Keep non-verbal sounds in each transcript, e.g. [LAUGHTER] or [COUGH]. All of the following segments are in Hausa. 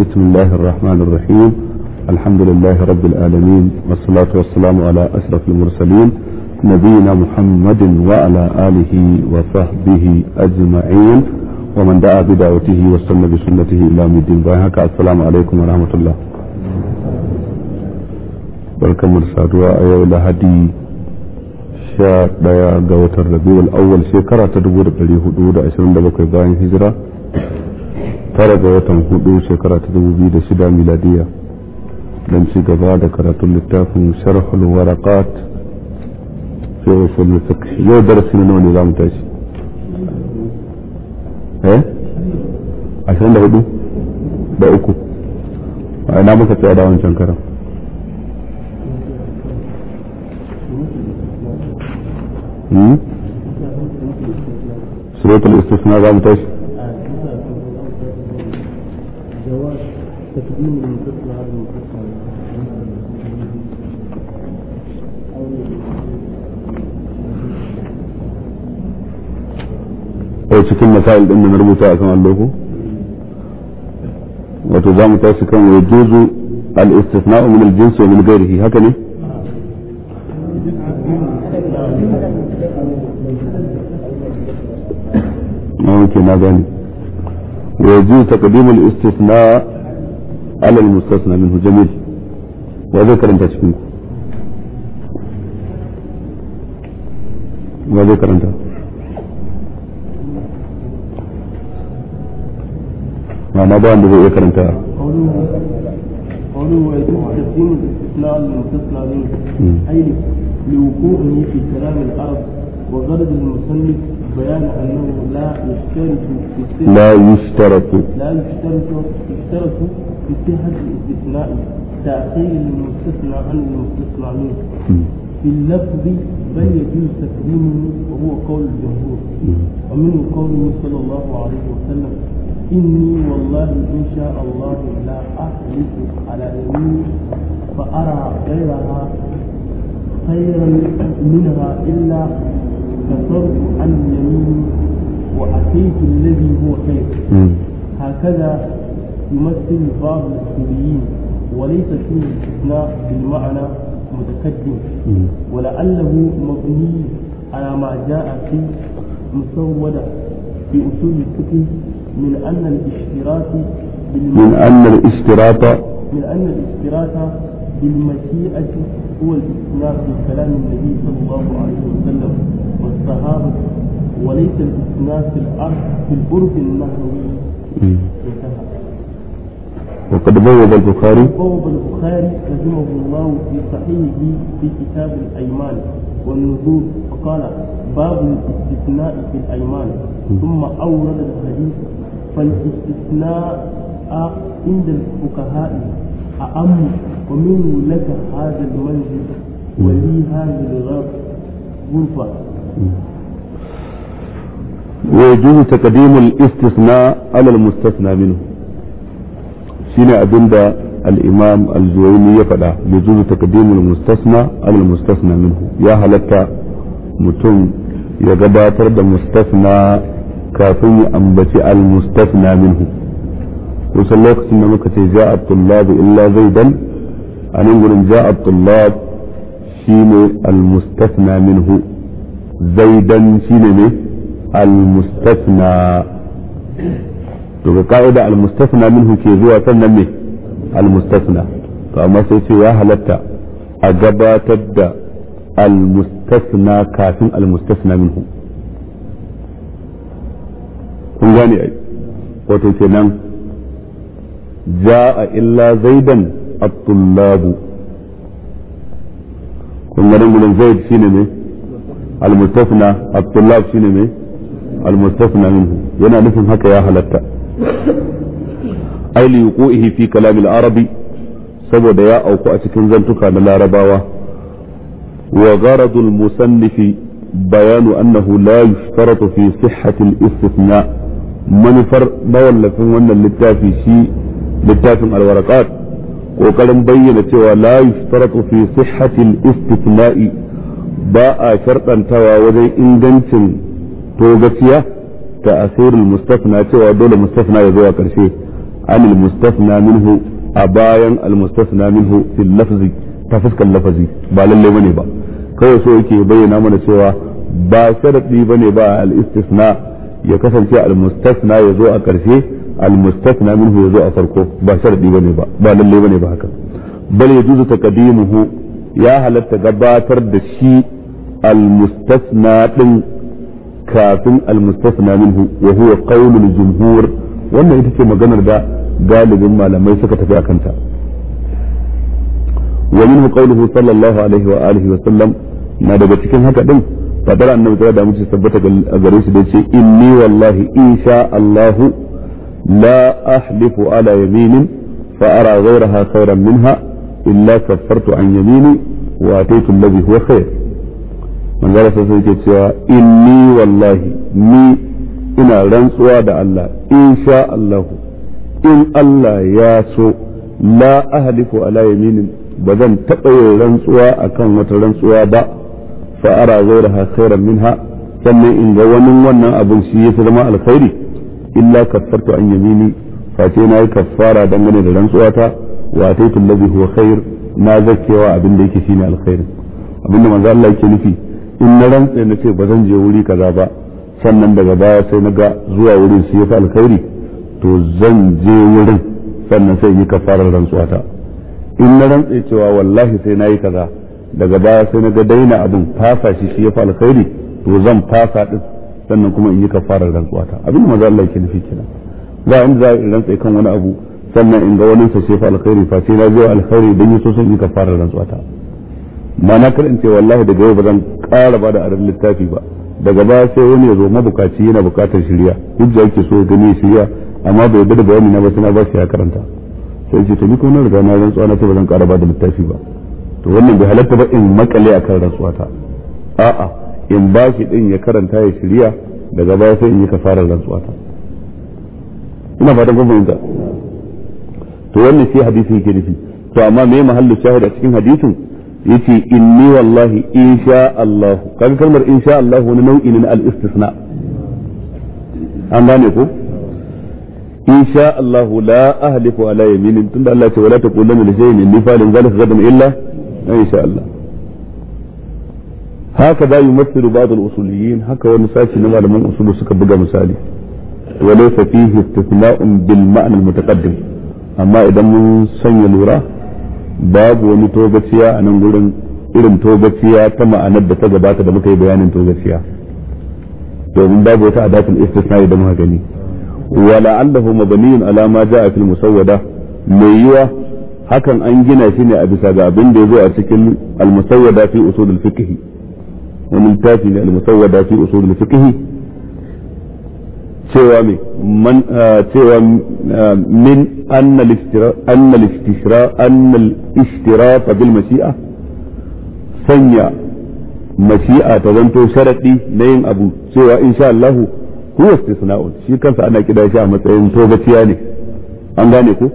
بسم الله الرحمن الرحيم الحمد لله رب العالمين والصلاة والسلام على أشرف المرسلين نبينا محمد وعلى آله وصحبه أجمعين ومن دعا بدعوته وسلم بسنته إلى مدين الدين السلام عليكم ورحمة الله barkan mu da saduwa a yau lahadi sha daya ga watan rabiul awwal shekara ta 1427 tara ga watan hudu shekara ta dubu biyu da shida miladiya don ci gaba da karatun littafin sharhul warakat fi usul fiqh yau darasi na nawa ne zamu tashi eh ashirin da hudu da uku a ina muka tsaya da wancan karan hmm? suratul istisna zamu tashi تتأمل من طفل هذا المفصل ko cikin masail din da na rubuta a kan alloko wato za mu tashi kan wa juzu al-istisna'u min al-jinsi wa min ghairihi haka ne na gane wa juzu taqdim al-istisna' alal mustasna minhu jamil wa zai karanta cikin ku wa zai karanta ma'ana ba wanda zai iya karanta قوله ويجب تسليم الاستثناء المستثنى منه اي لوقوعه في كلام العرب وغرض المصنف بيان أنه لا يشترط لا يشترط لا يشترط يشترط في صحة الاستثناء تأخير المستثنى عن المستثنى منه في اللفظ بل يجوز تكريمه وهو قول الجمهور ومنه قوله صلى الله عليه وسلم إني والله إن شاء الله لا أحلف على يميني فأرى غيرها خيرا منها إلا كفرت عن اليمين وأتيت الذي هو خير هكذا يمثل بعض السوريين وليس فيه استثناء بالمعنى متقدم ولعله مبني على ما جاء في مسودة في أصول الفقه من أن الاشتراط من أن الاشتراط من أن الاشتراط بالمشيئة هو الاستثناء في كلام النبي صلى الله عليه وسلم والصحابة وليس الاستثناء في الأرض في البرج النحوي وقد بوب البخاري بوب البخاري رحمه الله في صحيحه في كتاب الأيمان والنذور فقال باب الاستثناء في الأيمان ثم أورد الحديث فالاستثناء عند الفقهاء أأم ومن لك هذا المنزل ولي هذا الغرب غرفة ويجوز تقديم الاستثناء على المستثنى منه شنو أبندا الإمام الجويني يفعل يجوز تقديم المستثنى على المستثنى منه يا هلتا متم يقدر مستثنى كافي أنبتي المستثنى منه kusan lokacin da muka ce ja abdullabi illa zaidan a nan gurin ja abdullab shi ne almustafna minhu zaidan shi ne ne almustafna to ga ka'ida almustafna minhu ke zuwa sannan ne almustafna to amma sai ce ya halatta a gabatar da almustafna kafin almustafna minhu kun gane ai wato kenan ja'a illa zaidan at-tullabu kun ga dangulin zaid shine ne al-mustafna at-tullab shine al-mustafna yana nufin haka ya halatta ai li yuquhi fi kalam arabi saboda ya auku a cikin zantuka na larabawa wa musannifi بيان أنه لا يشترط في صحة الاستثناء منفر دول لكم أن اللتافي شيء littafin alwarakat kokarin bayyana cewa la yuftaratu fi sihhati al-istithna'i ba a sharɗantawa wajen ingancin togaciya ta asirul mustafna cewa dole mustafna ya zuwa karshe anil mustafna minhu a bayan al mustafna minhu fil lafzi ta fuskar lafazi ba lalle bane ba kawai so yake bayyana mana cewa ba sharadi bane ba al istisna ya kasance al mustafna ya zo a karshe almustasna ya zo a farko ba sharadi bane ba ba lalle ne ba haka bal yajuzu taqdimuhu ya halatta gabatar da shi almustasna din kafin almustasna minhu wa huwa qawlul jumhur wannan ita ce maganar da galibin malamai suka tafi akan ta wa minhu qawluhu sallallahu alaihi wa alihi wa sallam na daga cikin haka din fadar annabi da muke tabbata a gare shi da ce inni wallahi insha Allahu لا أحلف على يمين فأرى غيرها خيرا منها إلا كفرت عن يميني وأتيت الذي هو خير من قال صلى الله إني والله مي إنا رنس وادع الله إن شاء الله إن الله ياسو لا أهدف على يمين بذن تقوي رنس وأكون وترنس وادع فأرى غيرها خيرا منها ثم إن جوان من أبو سيئة الخيري illa kaffartu an yamini face na yi kaffara dangane da rantsuwata wa ataitu allazi huwa khair na abin da yake shine alkhair abin da manzo Allah yake nufi in na rantsa na ce ba zan je wuri kaza ba sannan daga baya sai na ga zuwa wurin su yafi alkhairi to zan je wurin sannan sai yi kafarar rantsuwata in na rantsa cewa wallahi sai na yi kaza daga baya sai na ga daina abin fasa shi shi yafi alkhairi to zan fasa din sannan kuma in yi kafarar rantsuwa ta abin da maza Allah yake nufi kenan ba in za yi rantsa kan wani abu sannan in ga wani sa shefa alkhairi fa sai na biyo alkhairi dan yi so in yi kafarar rantsuwa ta kar in ce wallahi daga yau ba zan ƙara ba da arin littafi ba daga baya sai wani ya zo mabukaci yana bukatar shirya hujja yake so gani shirya amma bai yarda da bayani na ba sai na ba shi ya karanta sai ce to ni ko na riga na rantsuwa na ce ba zan ƙara ba da littafi ba to wannan bai halatta ba in makale akan rantsuwa ta a'a in ba shi din ya karanta ya shirya daga baya sai in yi kasarar rantsuwa ta ina fata kun fahimta to wannan shi hadisi yake nufi to amma me mahallu shahid a cikin hadisin yace inni wallahi insha Allah kan kalmar insha Allah wani nau'i ne na al-istisna an gane ko insha Allah la ahlifu ala yaminin tunda Allah ce wala taqulanna li shay'in inni fa'alun dhalika gadan illa insha Allah هكذا يمثل بعض الأصوليين هكذا ونساك نما لمن أصول سكبقى مثالي وليس فيه استثناء بالمعنى المتقدم أما إذا من سنة لورا باب ونتوبتيا أنا نقول irin togaciya ta ma'anar da ta gabata da muka yi bayanin togaciya domin babu wata adatul istisna idan muka gani wala allahu mabniyun ala ma jaa fil musawwada mai yiwa hakan an gina shi ne a bisa ga abin da yazo a cikin al musawwada fi usul al fiqh wani littafi ne al-musawwada fi usul al-fiqh cewa me man ah, cewa ah, min anna al-istira anna al-istishra anna al-ishtiraf bil mashi'a sanya mashi'a ta zanto sharadi na yin abu cewa insha Allah huwa istisna'un shi kansa ana kida shi a matsayin togaciya ne an gane ko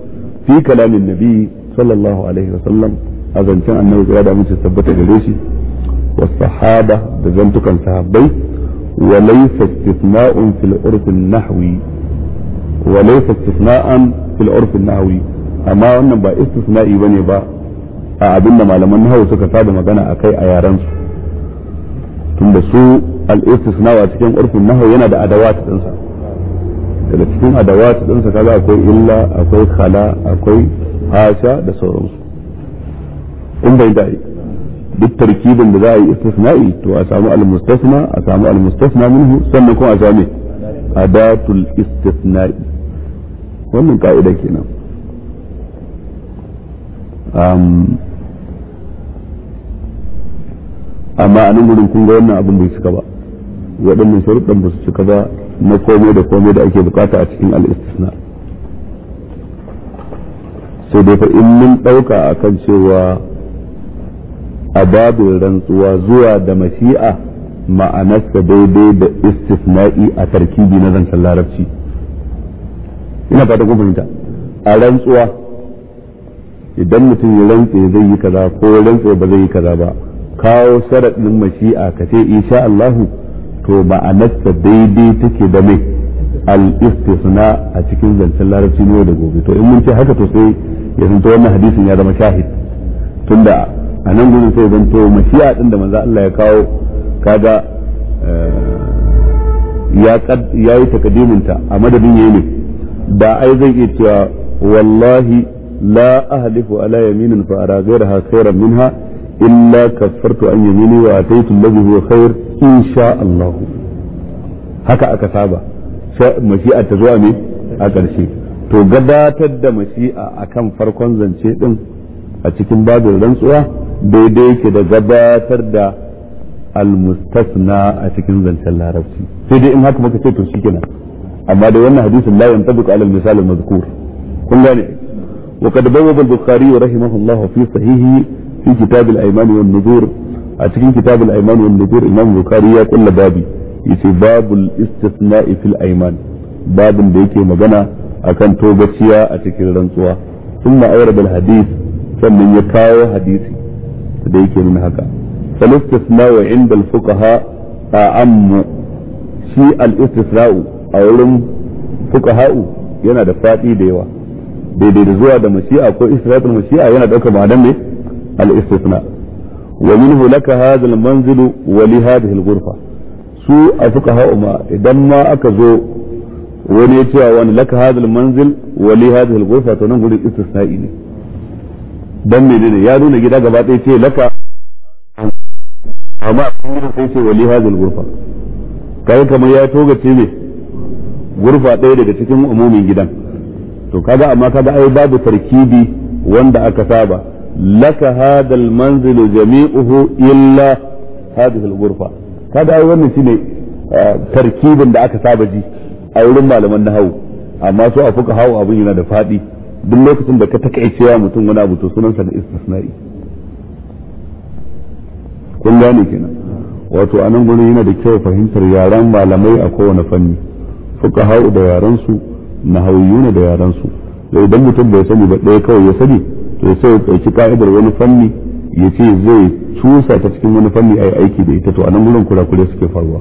fi kalamin nabi sallallahu alaihi wasallam a zancen annabi kira da mun tabbata gare shi والصحابة دزنت كان صحابي وليس استثناء في العرف النحوي وليس استثناء في العرف النحوي أما أن با استثناء بني با ما لما أنه نهو سكتا دم أنا أكي أيارنسو ثم بسوء الاستثناء وأتكين عرف النحو ينادى أدوات تنسى إذا تكون أدوات تنسى كذا أكوي إلا أكوي خلا أكوي هاشا da إن in duk tarkibin da za a yi istisna'i to a samu al-mustasna a samu al-mustasna minhu sannan kuma a samu adatul istisna'i wannan ka'ida kenan amma a nan gurin kun ga wannan abin bai cika ba waɗannan sharuɗan ba su cika ba na komai da komai da ake bukata a cikin al-istisna sai dai fa in mun ɗauka akan cewa a babin rantsuwa zuwa da mashi'a ma'anarsa daidai da istisna'i a tarkibi na zancen larabci ina fata kun fahimta a rantsuwa idan mutum ya rantse zai yi kaza ko ya rantse ba zai yi kaza ba kawo sharaɗin mashi'a ka ce insha Allahu to ma'anarsa daidai take da mai al-istisna a cikin zancen larabci ne da gobe to in mun ce haka to sai ya zanto wannan hadisin ya zama shahid tunda a nan gudun sai zan to mashi'a din da manzo Allah ya kawo kaga eh, ya yi takadiminta a madadin yayi ne da ai zai iya cewa wallahi la ahlifu ala yaminin fa ara ghayraha khayran minha illa kaffartu an yamini wa ataitu alladhi huwa khair insha Allah haka aka saba mashi'a ta zuwa ne a ƙarshe to gabatar da mashi'a akan farkon zance din a cikin babin rantsuwa daidai yake da gabatar da almustasna a cikin zancen larabci sai dai in haka muka ce to shikenan amma da wannan hadisin la yantabiq ala al-misal al-madhkur kun gane wa kad bayyana al-bukhari rahimahullah fi sahihi fi kitab al wa an a cikin kitab al wa an-nuzur imam bukhari ya kulla babi yace babul istisna'i fil ayman babin da yake magana akan togaciya a cikin rantsuwa ثم أورد الحديث sannan ya kawo hadisi da yake nuna haka wa inda ha فالاستثناء عند a wurin شيء ha'u yana da ينا da yawa daidai da zuwa da mashi'a ko isra'atul mashi'a yana dauka ma'adan ne al-istisna wa minhu laka hadha al-manzil wa li hadhihi al-ghurfa su a ha'u ma idan ma aka zo wani ya ce wani laka hadha al-manzil wa li hadhihi al-ghurfa to nan gurin istisna'i ne dan menene ya nuna gida gaba ɗaya ce laka amma a cikin gidan sai ce wali hazil gurfa kai kamar ya toga ce me gurfa ɗaya daga cikin umumin gidan to kaga amma kaga ai babu tarkibi wanda aka saba laka hadal manzilu jami'uhu illa hadhihi gurfa. kaga ai wannan shine eh, tarkibin da aka saba ji a wurin malaman nahawu amma su a fuka hawo abin yana da fadi duk lokacin da ka takaice cewa mutum wani abu to sunansa da istisna'i kun gane kenan wato a nan gurin yana da kyau fahimtar yaran malamai a kowane fanni fuka hau da yaran su nahawiyu da yaran su idan mutum bai sani ba ɗaya kawai ya sani to sai ya ɗauki ka'idar wani fanni ya ce zai cusa ta cikin wani fanni a yi aiki da ita to a nan gurin kurakure suke faruwa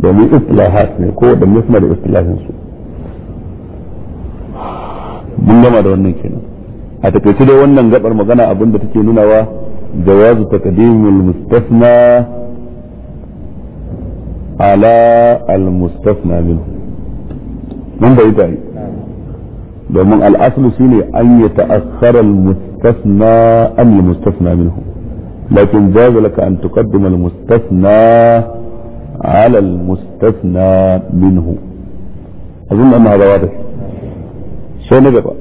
domin istilahat ne ko da suna da istilahin su mun gama da wannan kenan a takaice dai wannan gabar magana abin da take nunawa jawazu taqdimul mustasna ala al mustasna minhu mun bai ta domin al'aslu shine an ya ta'akhkhara al mustasna an al mustasna minhu lakin jaza laka an tuqaddima al mustasna ala al mustasna minhu أظن أنها ذواتك سنبقى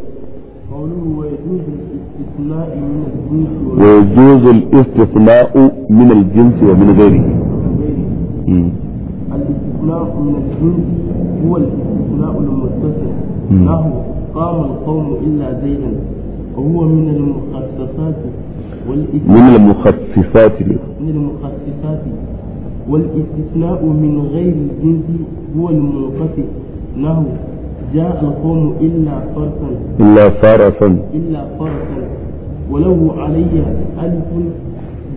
ويجوز الاستثناء من الجنس ومن غيره الاستثناء من الجنس هو الاستثناء المتصل له قام القوم إلا زيدا وهو من المخصصات من المخصصات من المخصصات والاستثناء من غير الجنس هو المنقطع له جاء القوم إلا فرسا إلا فرسا إلا فرسا وله علي ألف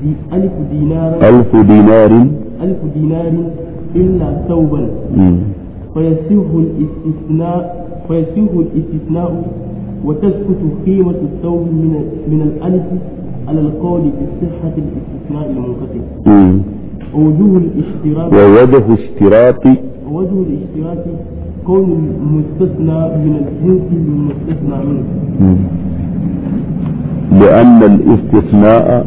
دي ألف دينار ألف دينار ألف دينار إلا ثوبا فيسيه الاستثناء فيسيه الاستثناء وتسكت قيمة الثوب من من الألف على القول بصحة الاستثناء المنقطع ووجوه الاشتراط ووجه اشتراط ووجه الاشتراط كون المستثنى من الجنس المستثنى منه لأن الاستثناء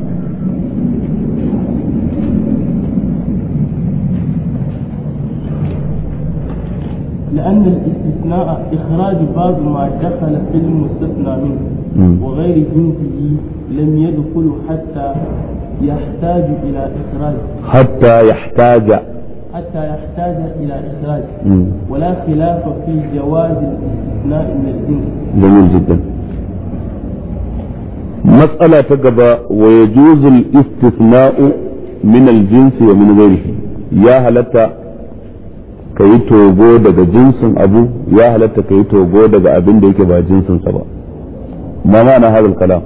لأن الاستثناء إخراج بعض ما دخل في المستثنى منه وغير جنسه لم يدخل حتى يحتاج إلى إخراجه حتى يحتاج حتى يحتاج إلى إخراج ولا خلاف في جواز الاستثناء من الجنس جميل جدا مسألة تقبى ويجوز الاستثناء من الجنس ومن غيره يا هلتا ka yi togo daga jinsin abu ya halatta ka yi togo daga abin da yake ba jinsinsa ba ma ma'ana hadal kalam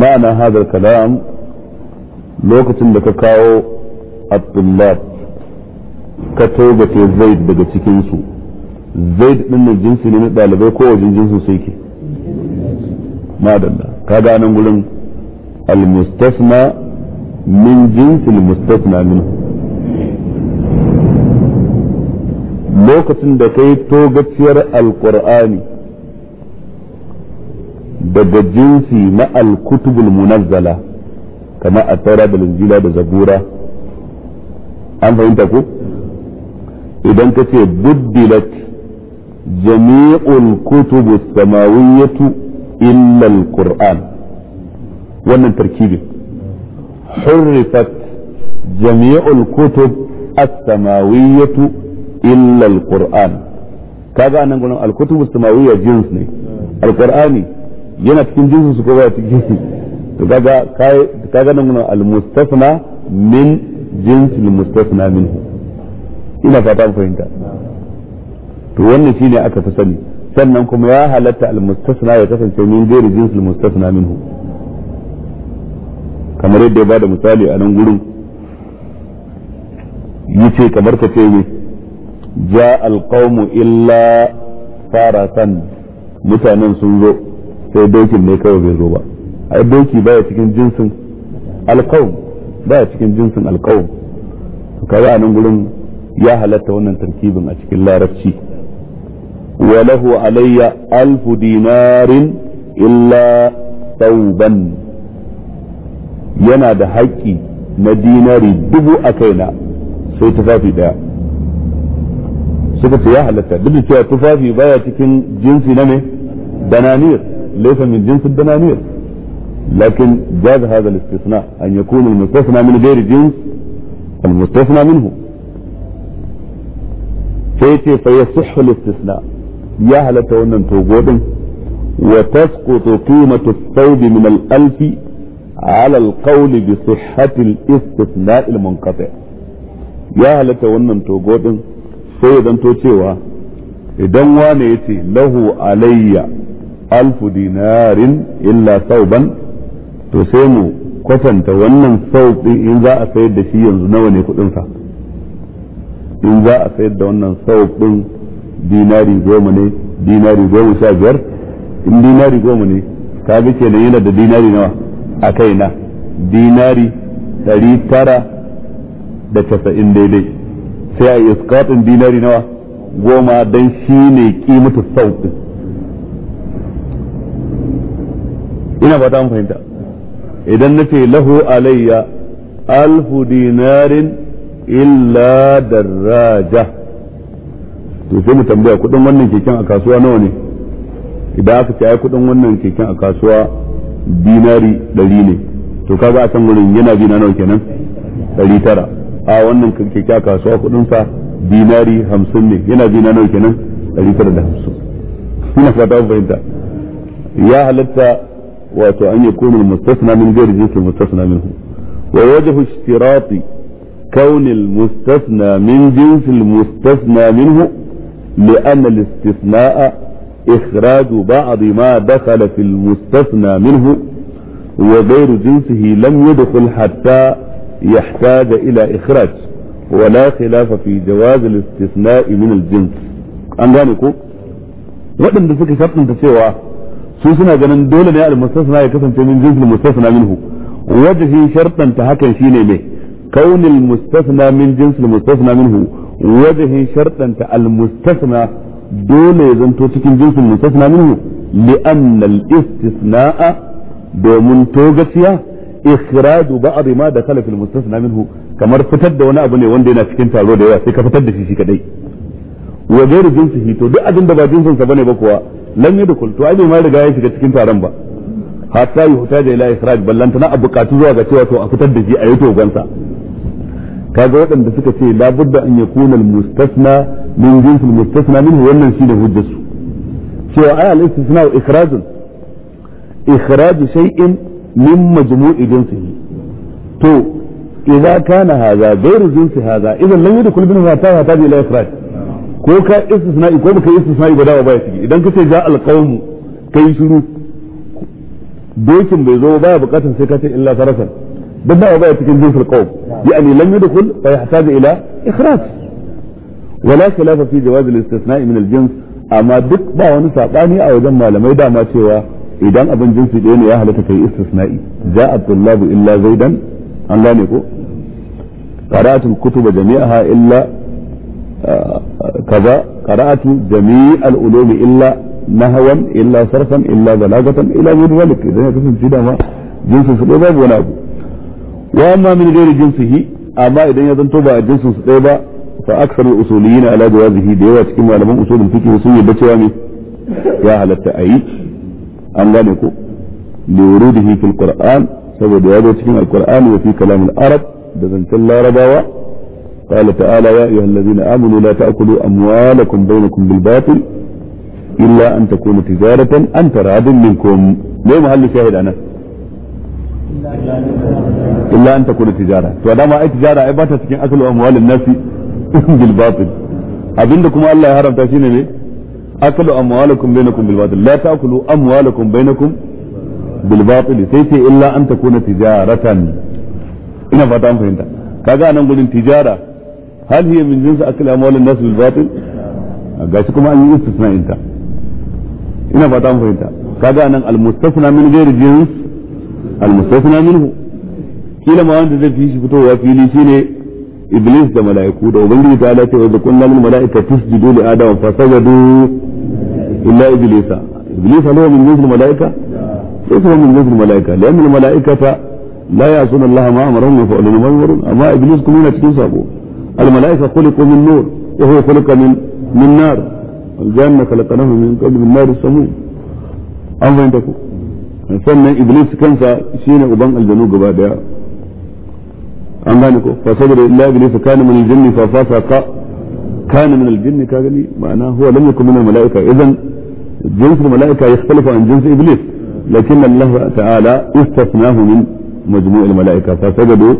ma'ana hadal kalam lokacin da ka kawo abdullahi ka togate zaid daga cikinsu zaid din ne jinsi ne na ko wajen jinsu sai ke madalla ka gane gurin al min jinsi almustasna min lokacin da kai togaciyar al-qur'ani daga jinsi na al-kutubul munazzala kamar a da linjila da zabura an fahimta ko idan ka ce buddilat jami'ul kutubu samawiyatu illa al-qur'an wannan tarkibin hurrifat jami'ul kutub as-samawiyatu illa al-qur'an kaga anan gurin al-kutubu samawiyya jins ne al-qur'ani yana cikin jinsin su ko ba cikin to kaga kaga nan gurin al-mustafna min jins al-mustafna minhu ina fata ku fahimta to wannan shine aka fi sani sannan kuma ya halatta almustasna ya kasance min gairi jinsul mustasna minhu kamar yadda ya bada misali a nan gurin yace kamar ka ce ne ja alqawmu illa farasan mutanen sun zo sai dokin ne kawai bai zo ba ai doki baya cikin jinsin alqawm baya cikin jinsin alqawm kaga a nan gurin يا هل تونا تركيب ما تشكل لا رتشي وله علي ألف دينار إلا ثوبا ينا ده هكي مدينار دبو أكينا سيتفافي ده سيكت يا هل تونا دبو تفافي بايا تكين جنسي نمي دنانير ليس من جنس الدنانير لكن جاز هذا الاستثناء أن يكون المستثنى من غير جنس المستثنى منه sai ce fa ya al listisna ya halatta wannan togo din wa tasqutu qimatu al-thawb min al-alf ala al-qawl bi sihhati al-istisna al-munqati ya halatta wannan togo din sai ya zanto cewa idan wane yace lahu alayya alfu dinarin illa sauban to sai mu kwatanta wannan sauɗi in za a sayar da shi yanzu nawa ne kuɗinsa in za a sayar da wannan sauƙin dinari goma ne dinari goma sha biyar in dinari goma ne ka bi kenan yana da dinari nawa a kai na dinari ɗari tara da casa'in daidai sai a iskatin dinari nawa goma don shi ne kimata sawab ina ba ta fahimta idan na ce lahu alayya alfu dinarin illa daraja to sai mu tambaya kudin wannan keken a kasuwa nawa ne idan aka ce ai kudin wannan keken a kasuwa dinari ɗari ne to kaga a can gurin yana bina nawa kenan ɗari tara a wannan keke a kasuwa sa dinari hamsin ne yana bina nawa kenan ɗari tara da hamsin ina fata fahimta ya halatta wato an yakunu mustasna min ghairi jinsi mustasna ku. wa wajhu istirati كون المستثنى من جنس المستثنى منه لأن الاستثناء إخراج بعض ما دخل في المستثنى منه وغير جنسه لم يدخل حتى يحتاج إلى إخراج ولا خلاف في جواز الاستثناء من الجنس أن gane ko waɗanda suka shafinta cewa su suna ganin dole ne al-mustasna ya kasance min jinsil mustasna minhu wajhi كون المستثنى من جنس المستثنى منه وجه شرطا المستثنى دول يزنتو تكن جنس المستثنى منه لأن الاستثناء دومن توغسيا إخراج بعض ما دخل في المستثنى منه كما فتد وانا أبني وان دينا تكن تارو ديوا سيكا فتد شي كدي وغير جنسه تو دي أجن دبا جنسا سبني بكوا لم يدخل تو أجن ما رجعي شكا تكن تارن با hatta yi huta da ila isra'il ballantana a bukatu zuwa ga cewa to a fitar da shi a yi togonsa kaga waɗanda suka ce la budda an yakuna al-mustasna min jins al-mustasna minhu wannan shi da hujjarsu cewa ay al-istisna wa ikhrajun ikhraj shay'in min majmu'i jinsihi to idza kana hadha ghayru jinsi hadha idan lam yadkhul bin hata hata ila ikhraj ko ka istisna'i ko baka istisna'i ba dawa baya ciki idan kace ja al-qawm kai shiru dokin bai zo baya bukatan sai ka ce illa sarasan بدأ بقى تكون في القوم يعني لم يدخل فيحتاج إلى إخراج ولا خلاف في جواز الاستثناء من الجنس أما دك با wani sabani أو wajen malamai dama ما idan إذا أبن ɗaya ne ya halatta استثنائي جاء الطلاب الا زيدا ان لا gane ko قرأت الكتب جميعها إلا آه، كذا قرأت جميع العلوم إلا نهوا إلا صرفا إلا بلاغة إلى غير ذلك إذا كنت جدا ما جنس الشباب ولا أبو واما من غير جنسه اما اذا يظن توبه جنس ديبا فاكثر الاصوليين على جوازه ديوا cikin malaman usul fiqh sun yadda cewa me ya halatta ayi an gane ko liwuruduhi fil qur'an saboda ya zo cikin alqur'an wa fi kalam قال تعالى يا ايها الذين امنوا لا تاكلوا اموالكم بينكم بالباطل الا ان تكون تجاره ان تراد منكم ليه محل شاهد انا illa an takuna tijara to dama ai tijara ai bata cikin akalu amwalin nasi [LAUGHS] bil batil abinda kuma Allah ya haramta shine ne akalu amwalakum bainakum bil batil la taakulu amwalakum bainakum bil batil sai ce illa an takuna tijaratan ina fata an fahimta kaga anan gurin tijara hal hiya min jinsi akalu amwalin nasi bil batil gashi kuma an yi istisna inta ina fata an fahimta kaga anan al mustafna min ghairi jins al mustafna minhu kilama wanda zai fi shi fitowa fili shine iblis da mala'iku da ubangiji ta lati wa zakun lamun mala'ika tusjudu li adam fa sajadu illa iblis iblis alaw min jinsil mala'ika ليس هو من جنس الملائكة لأن الملائكة لا يعصون الله ما أمرهم يفعلون ما يمرون أما إبليس كمين تكنسى الملائكة خلقوا من نور وهو خلق من من نار الجنة خلقناه من قبل من نار السموم أم وين تكون فمن إبليس كنسى شين أبان الجنوب بعدها an gane ko الا ابليس كان من الجن min aljinn fa fasaqa kana min aljinn ka gani ma'ana huwa lam yakun min almalaika idan jinsu almalaika yakhtalifu an لكن الله تعالى استثناه من مجموع الملائكه فسجدوا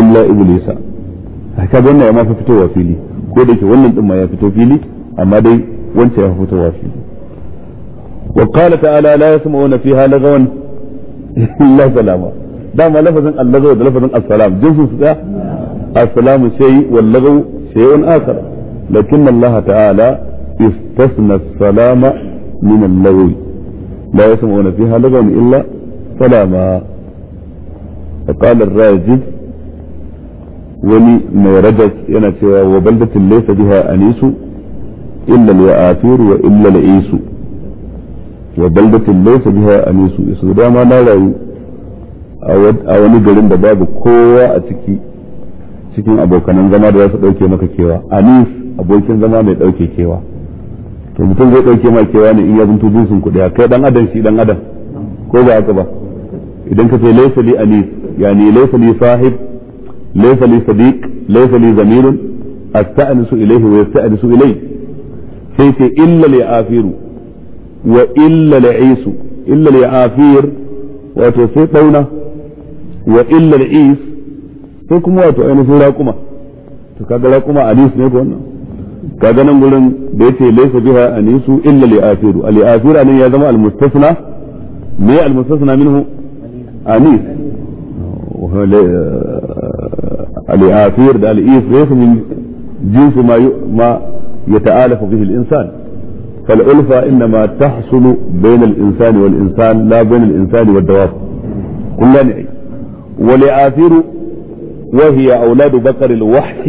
الا ابليس هكذا انه ما فتوى فيلي كودك ولن ما يفتوى فيلي اما دي وانت يا يفتوى فيلي وقال تعالى لا يسمعون فيها لغوا الا سلاما dama lafazin allazo da lafazin assalam jinsu su daya assalamu shay wal lagaw shay'un akhar lakin Allah ta'ala istasna as-salama min al-lagaw la yasma'una fiha lagawan illa salama فقال الراجل ولي ما رجت أنا وبلدة ليس بها أنيس إلا الوآثير وإلا العيس وبلدة ليس بها أنيس يسوع ما لا a wani garin da babu kowa a ciki cikin abokanan zama da za su ɗauke maka kewa anis abokin zama mai ɗauke kewa to mutum zai ɗauke ma kewa ne in ya zuntu jinsin kuɗi kai ɗan adam shi ɗan adam ko ba haka ba idan ka ce laisa li anis yani laisa li sahib laisa li sadiq laisa li zamilun asta'nisu ilayhi wa yasta'nisu ilayhi sai ce illa li afiru wa illa li isu illa li afir wato sai ɗauna wa illa al-is sai kuma wato ainihin raquma to kaga raquma anis ne ko wannan kaga nan gurin da yace laysa biha anisu illa li'afiru al-afiru anan ya zama al-mustasna me al-mustasna minhu anis al-afir da al-is laysa min jinsi ma ma yata'alafu bihi al-insan فالألفة إنما تحصل بين الإنسان والإنسان لا بين الإنسان والدواب كلنا ولآثر وهي أولاد بقر الوحش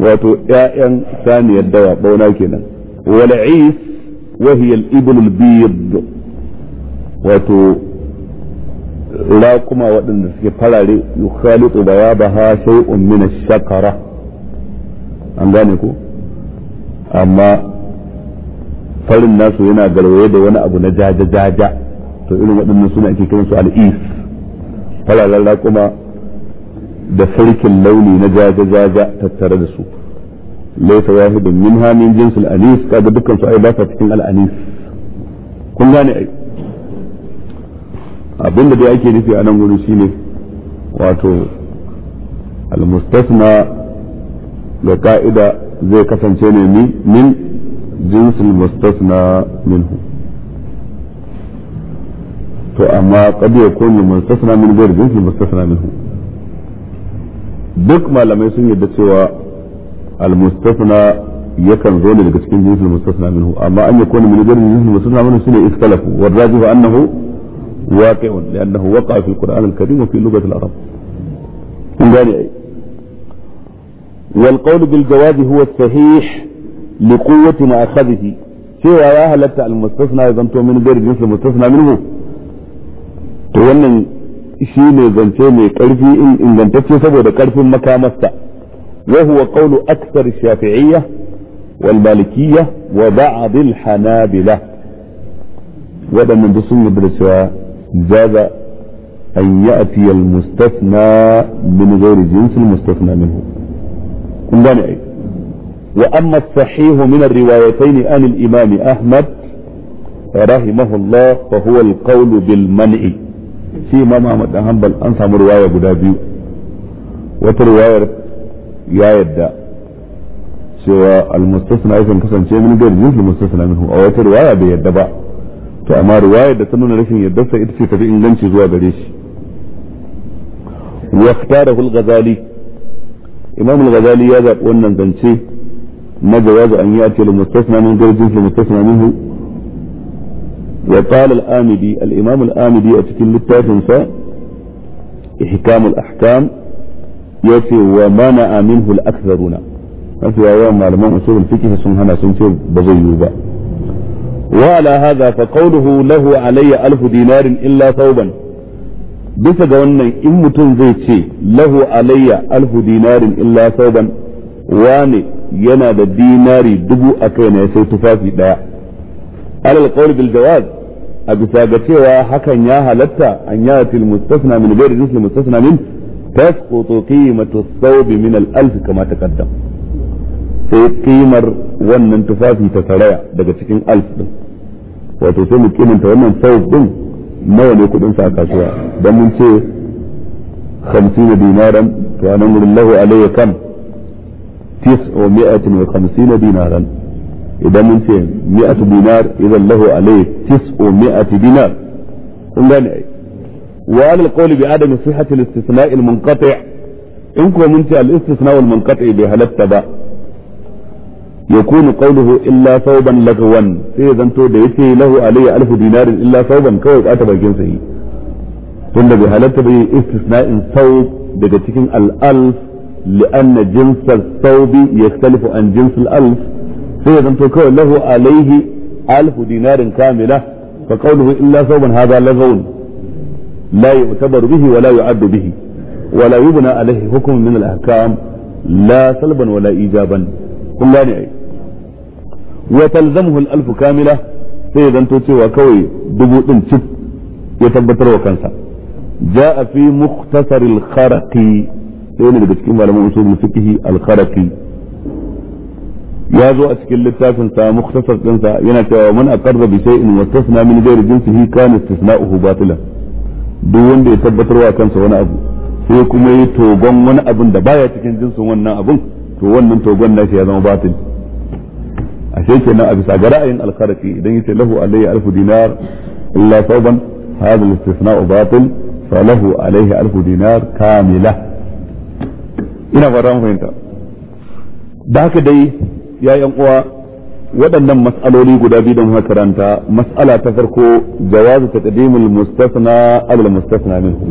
وتؤيا ثاني الدواء بوناكنا ولعيس وهي الإبل البيض وتو لا كما ودنسك فلالي يخالط بيابها شيء من الشكرة أنغانيكو أما فل هنا قالوا يدوا أبو نجاجة جاجة تقولوا ودنسونا إيكي كنسو على إيس falalan raƙuma da sarkin launi na jaja-jaja tattare da su laisa wahidun min hamin jinsul al'anis kaga dukkan su ai ba sa cikin al'anis kun gane ai abinda dai ake nufi a nan gurin shine wato almustasna da ka'ida zai kasance ne min jinsul mustasna minhu to amma qad yakunu mustasna min ghairi jinsi mustasna minhu duk malamai sun yadda cewa al-mustasna yakan zo ne daga cikin jinsi mustasna minhu amma an yakunu min ghairi jinsi mustasna minhu shine ikhtalafu wal rajih annahu واقع لأنه وقع في القرآن الكريم وفي لغة العرب يعني والقول بالجواز هو الصحيح لقوة أخذه cewa ya halatta almustasna ya zanto min gari jinsi mustasna minhu to wannan shi ne zance mai ƙarfi in ingantacce saboda ƙarfin makamasta wa huwa qawlu akthar shafi'iyya wal malikiyya wa ba'd al hanabila wadannan da sun yarda cewa jaza an ya'ti al mustafna min ghairi jins al mustafna minhu kun gane ai wa amma as-sahih min al riwayatayn an al imam ahmad rahimahullah fa huwa al qawlu bil man'i shi imam Ahmad dan Hanbal an samu ruwaya guda biyu wata riwayar ya yadda cewa al-mustasna yakan kasance min gairi jinsul mustasna minhu a wata riwaya bai yadda ba to amma ruwayar da ta nuna rashin yadda sai ita ce tafi inganci zuwa gare shi wa ikhtarahu al-ghazali imam al-ghazali ya zabi wannan zance na jawazu an yi atil mustasna min gairi jinsul mustasna minhu وقال الآمدي الإمام الآمدي أتكي لتافنسا إحكام الأحكام يأتي ومنع منه الأكثرون ففي أيام معلمة أصول الفكه سنهنا سنتر بزيوبا وعلى هذا فقوله له علي ألف دينار إلا ثوبا bisa ga wannan in له علي ألف دينار إلا ثوبا واني illa sauban دبو yana da dinari dubu a kai ne sai a bisa ga cewa hakan ya halatta an fil mustasna min ghairi jinsi mustasna min tasqutu qimatu thawbi min al-alf kama taqaddam sai kimar wannan tufafi ta saraya daga cikin alf din wato sai mu kimanta wannan thawb din nawa ne kudin sa kasuwa dan mun ce 50 dinaran to anan gurin lahu alayhi kam 950 dinaran idan mun ce mi'atu dinar idan lahu alayhi tis'u mi'ati dinar kun gane ai wa ala alqawli bi adami sihhati al-istisna' al-munqati' in ko mun ce al-istisna' al-munqati' bai halatta ba يكون قوله إلا ثوبا لغوا سيزن تو ديتي له علي ألف دينار إلا ثوبا كوي أتبا جنسه tunda bai halatta bai istisna'in saub daga cikin al'alf li'anna jinsar saubi ya an jinsul alf sai ya zanto kawai lahu alaihi alfu dinarin kamila fa qawluhu illa sawban hadha lagawun la yu'tabaru bihi wa la yu'addu bihi wa la yubna alaihi hukm min al-ahkam la salban wa la ijaban kun gane ai wa talzamuhu al-alfu kamila sai ya zanto cewa kawai dubu din cif ya tabbatar wa kansa جاء في مختصر الخرقي sai ne daga cikin malaman usulul fiqh al-kharaqi ya zo a cikin littafin sa mukhtasar dinsa yana cewa man aqarra bi shay'in wa tasna min ghairi jinsihi kana istisna'uhu batila duk wanda ya tabbatarwa kansa wani abu sai kuma yi togon wani abun da baya cikin jinsin wannan abun to wannan togon nashi ya zama batil ashe kenan a bisa ga ra'ayin al-kharafi idan yace lahu alayya alfu dinar illa sawban hadha al-istithna'u batil falahu alayhi alfu dinar kamila ina fara fahimta da haka dai ya yan uwa waɗannan mas'aloli guda biyu da muka karanta mas'ala ta farko jawazu taqdimul mustasna alal mustasna minhu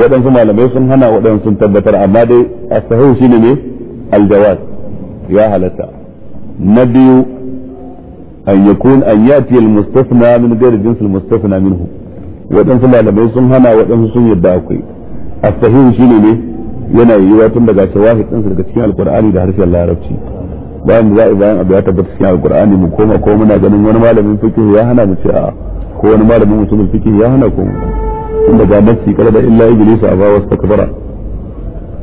waɗansu malamai sun hana waɗansu sun tabbatar amma dai a sahihu shine ne al aljawaz ya halatta na biyu an yakun an yati almustasna min ghairi jinsil mustasna minhu waɗansu malamai sun hana waɗansu sun yadda akwai a sahihu shine ne yana yiwuwa tun daga shawahid ɗinsa daga cikin alkur'ani da harshen larabci bayan da za a bayan abu ya tabbata cikin alkur'ani mu koma ko muna ganin wani malamin fiqh ya hana mu cewa ko wani malamin usulul fiqh ya hana ko mu da ga shi kada da illa iblis wasu takbara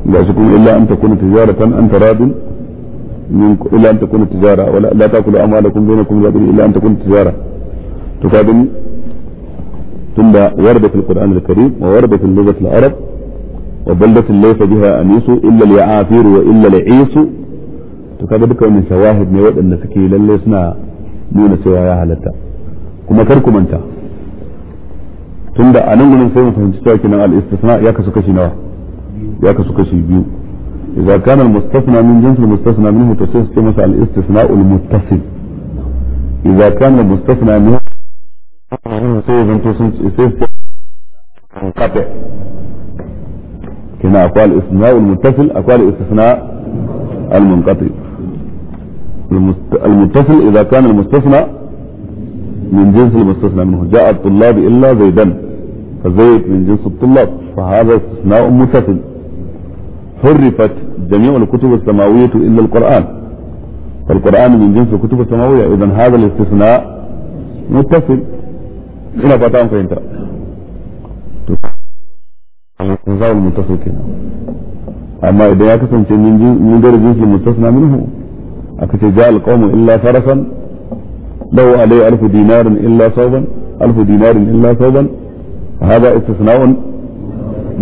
ga shi kuma illa an ta takuna tijaratan an taradin min illa an ta kuna tijara wala la takulu amalakum bainakum la illa an ta kuna tijara to ka kadin tunda warda fil qur'an al-karim wa warda fil lughati al-arab وبلدة ليس بها أنيس إلا اليعافير وإلا العيس to kaga duka wannan shawahid ne waɗanda suke lalle suna nuna cewa ya halatta kuma kar ku manta tunda a nan gurin sai mu fahimci cewa kinan al-istisna ya kasu kashi nawa ya kasu kashi biyu idza kana al-mustasna min jins al-mustasna minhu to sai su masa al-istisna al-muttasil idza kana al-mustasna min sai zanto sun sai su kafe كنا al الاستثناء المتصل أقوال الاستثناء المنقطع المتصل إذا كان المستثنى من جنس المستثنى منه جاء الطلاب إلا زيدا فزيد من جنس الطلاب فهذا استثناء متصل حرفت جميع الكتب السماوية إلا القرآن فالقرآن من جنس الكتب السماوية إذا هذا الاستثناء متصل إلى فتاة فهمت المتصل كنا أما إذا كنت من جنس المستثنى منه aka ce ja alqawmu illa farasan law alai alfu dinarin illa sauban alfu dinarin illa sauban hada istisna'un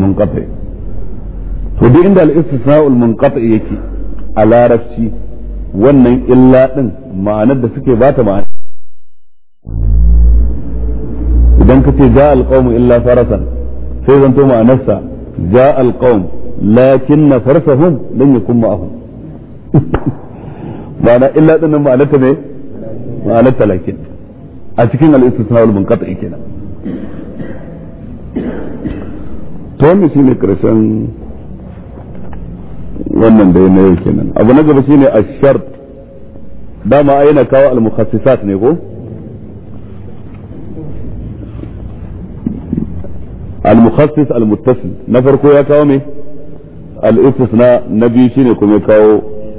munqati to duk inda al-istisna'ul munqati yake a larabci wannan illa din ma'anar da suke bata ma'ana idan ka ce ja alqawmu illa farasan sai zanto ma'anarsa ja alqawm lakinna farsahum lan yakun ma'ahum [LAUGHS] ma'ana illa din nan ma'anarta ne a cikin al-istisna wal munqati kenan to wannan shine karshen wannan da na yau kenan abu na gaba shine ash-shart dama ai yana kawo al-mukhassisat ne ko المخصص المتصل نفرقوا يا كاومي الاستثناء نبي شيني كم يكاو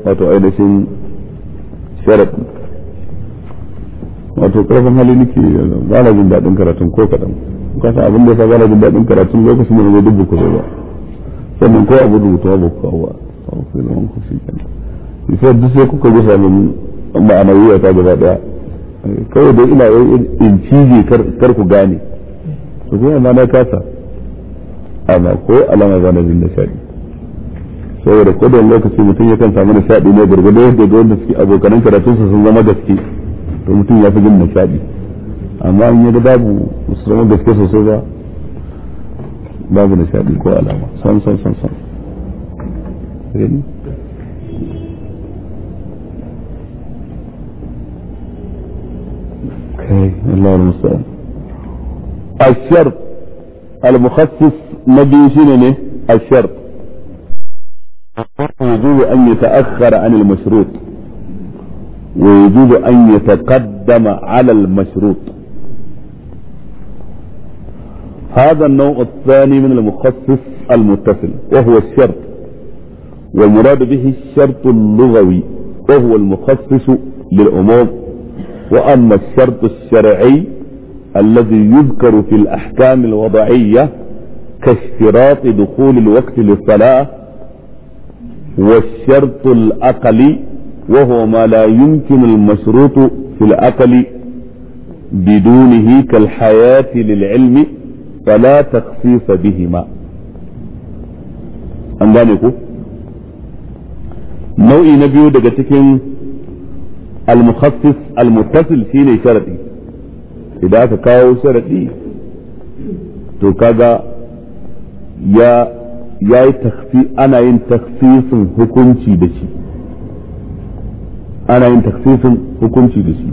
وتو اينشين sharafi wato karfin hali nake ba jin daɗin karatun ko kaɗan kasa abin da ya sa ba na jin daɗin karatun lokacin da zai dubu ku ba sannan ko abu rubuta ba ku kawo ba ku zama ku shi isa duk sai kuka gusa min ma'anawiya ta gaba daya kawai dai ina in cije kar ku gane to kuma na kasa amma ko alama bana na jin nishaɗi saboda ko da lokaci mutum ya kan samu nishaɗi ne gurgurda yadda ga wanda suke abokanan karatun su sun zama gaske to mutum ya fi jin nishaɗi amma in ya ga babu su zama gaske sosai ba babu nishaɗi ko alama san san san san الله المستعان الشرط المخصص نبي شنو الشرط يجوز أن يتأخر عن المشروط ويجوز أن يتقدم على المشروط هذا النوع الثاني من المخصص المتصل وهو الشرط والمراد به الشرط اللغوي وهو المخصص للأمور وأما الشرط الشرعي الذي يذكر في الأحكام الوضعية كاشتراط دخول الوقت للصلاة والشرط الأقلي وهو ما لا يمكن المشروط في الأقل بدونه كالحياة للعلم فلا تخفيف بهما an gane ku nau'i na biyu daga cikin al shine sharadi idan aka kawo sharadi to ya ya yi ana yin takfisin hukunci da shi ana yin takfisin hukunci da shi